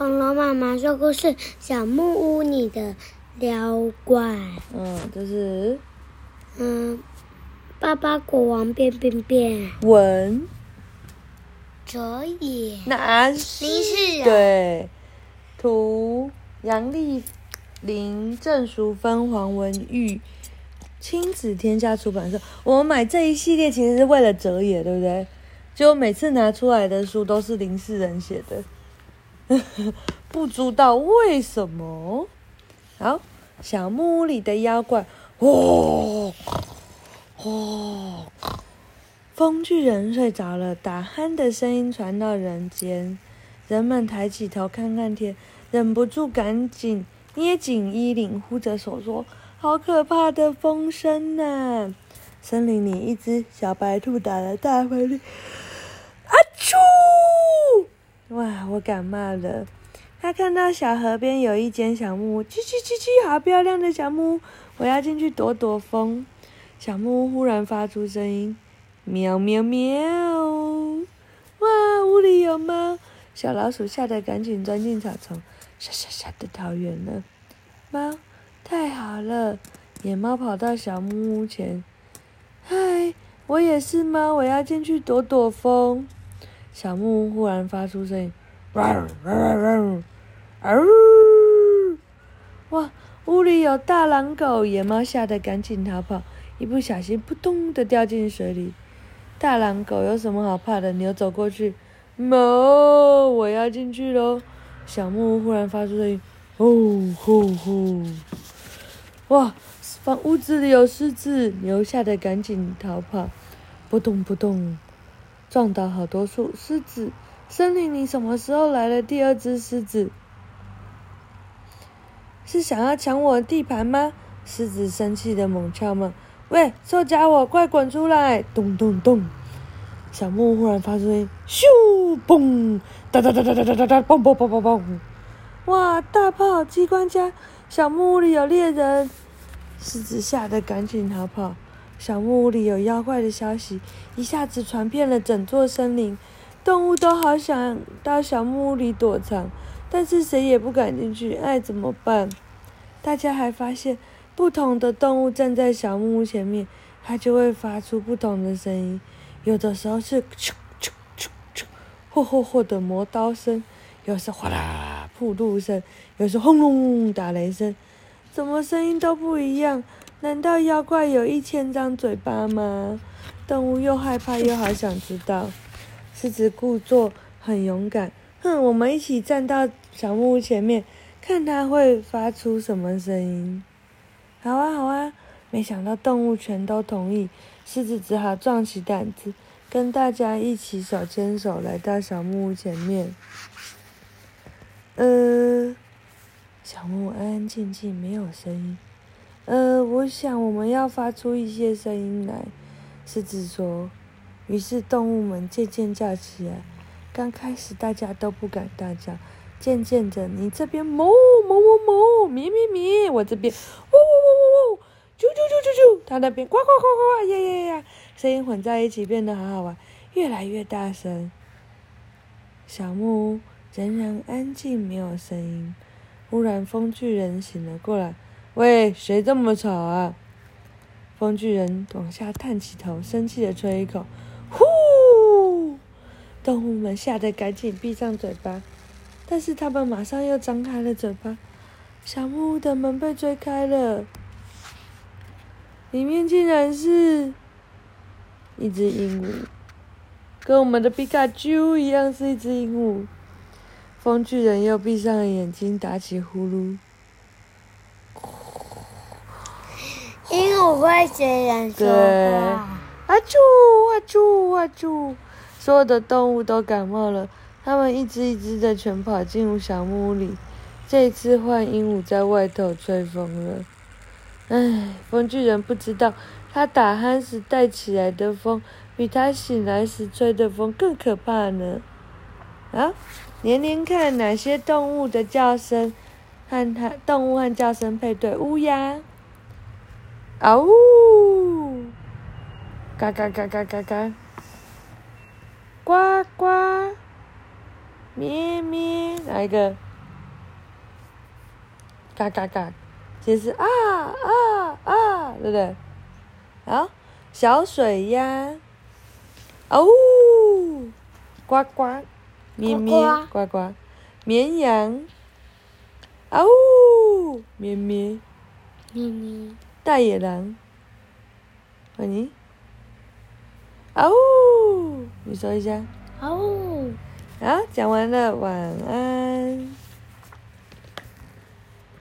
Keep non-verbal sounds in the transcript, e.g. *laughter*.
恐龍媽媽說故事，小木屋裡的妖怪。嗯，就是嗯，巴巴國王變變變。文，哲也也。那俺士。林世仁。對，圖楊麗玲，鄭淑芬黃文玉，親子天下出版社。我買這一系列，其實是為了哲也，對不對？就每次拿出來的書都是林世仁寫的。 *laughs* 不知道為什麼，好，小木屋裡的妖怪，哦哦，風巨人睡着了，打鼾的聲音傳到人間，人們抬起頭看看天，忍不住趕緊捏緊衣領，護着手說：「好可怕的風聲呢，啊！森林裡，裡，一隻小白兔打了大噴嚏。哇，我感冒了。他看到小河邊有一間小木屋，吱吱吱吱，好漂亮的小木屋，我要進去躲躲風。小木屋忽然發出聲音，喵喵喵！哇，屋裡有貓！小老鼠嚇得趕緊鑽進草叢，嚇嚇嚇的逃遠了。貓，太好了！野貓跑到小木屋前，嗨，我也是貓，我要進去躲躲風。小木屋忽然發出聲音，汪汪汪，嗷！哇，屋裡有大狼狗，野貓嚇得趕緊逃跑，一不小心撲通的掉進水裡。大狼狗有什麼好怕的？牛走過去，哞，我要進去嘍。小木屋忽然發出聲音，吼吼吼！哇，房屋子裡有獅子，牛嚇得趕緊逃跑，撲通撲通。撞倒好多樹，獅子！森林裡什麼時候來了第二隻獅子？是想要搶我的地盤嗎？獅子生氣的猛敲門：“喂，臭傢伙，快滾出來！”咚咚咚！小木屋忽然發出一聲咻，嘣！噠噠噠噠噠噠噠噠！嘣嘣嘣嘣嘣！哇，大炮、機關槍！小木屋裡有獵人！獅子嚇得趕緊逃跑。小木屋裡有妖怪的消息一下子傳遍了整座森林，動物都好想到小木屋裡躲藏，但是誰也不敢進去，唉，怎麼辦？大家還發現，不同的動物站在小木屋前面，它就會發出不同的聲音，有的時候是咻咻咻咻咻“啾啾啾啾，霍霍霍的磨刀聲，有時“嘩啦”破路聲，有時“轟隆”打雷聲，怎麼聲音都不一樣。難道妖怪有一千張嘴巴嗎？動物又害怕又好想知道。獅子故作很勇敢，哼，我們一起站到小木屋前面，看它會發出什麼聲音。好啊，好啊。沒想到動物全都同意，獅子只好壯起膽子，跟大家一起手牽手來到小木屋前面。嗯、呃，小木屋安安靜靜，沒有聲音。呃，我想我們要發出一些聲音來。獅子說：“於是動物們漸漸叫起來。剛開始大家都不敢大叫，漸漸的，你這邊哞哞哞哞、咪咪咪，我這邊嗚嗚嗚嗚喔、啾啾啾啾啾，它那邊呱呱呱呱呱、呀呀呀，聲音混在一起變得好好玩，越來越大聲。小木屋仍然安靜，沒有聲音。忽然，風巨人醒了過來。”喂，誰這麼吵啊？風巨人往下探起頭，生氣的吹一口，呼！動物們嚇得趕緊閉上嘴巴，但是他們馬上又張開了嘴巴。小木屋的門被推開了，裡面竟然是，一隻鸚鵡，跟我們的皮卡啾一樣是一隻鸚鵡。風巨人又閉上了眼睛，打起呼嚕。我會學人說話。啊啾啊啾啊啾！所有的動物都感冒了，它們一隻一隻的全跑進入小木屋裡。這次換鸚鵡在外頭吹風了。唉，風巨人不知道，他打鼾時帶起來的風，比他醒來時吹的風更可怕呢。啊，連連看，哪些動物的叫聲和它動物和叫聲配對？烏鴉。啊嗚！嘎嘎嘎嘎嘎嘎，呱呱，咩咩，哪一個？嘎嘎嘎，就是啊啊啊，對不對？啊，小水鴨，啊嗚！呱呱，咩咩，呱呱，綿羊，啊嗚！咩咩，咩咩。大野狼，好、啊、呢，啊嗚，你說一下，啊嗚喉，啊，講完了，晚安。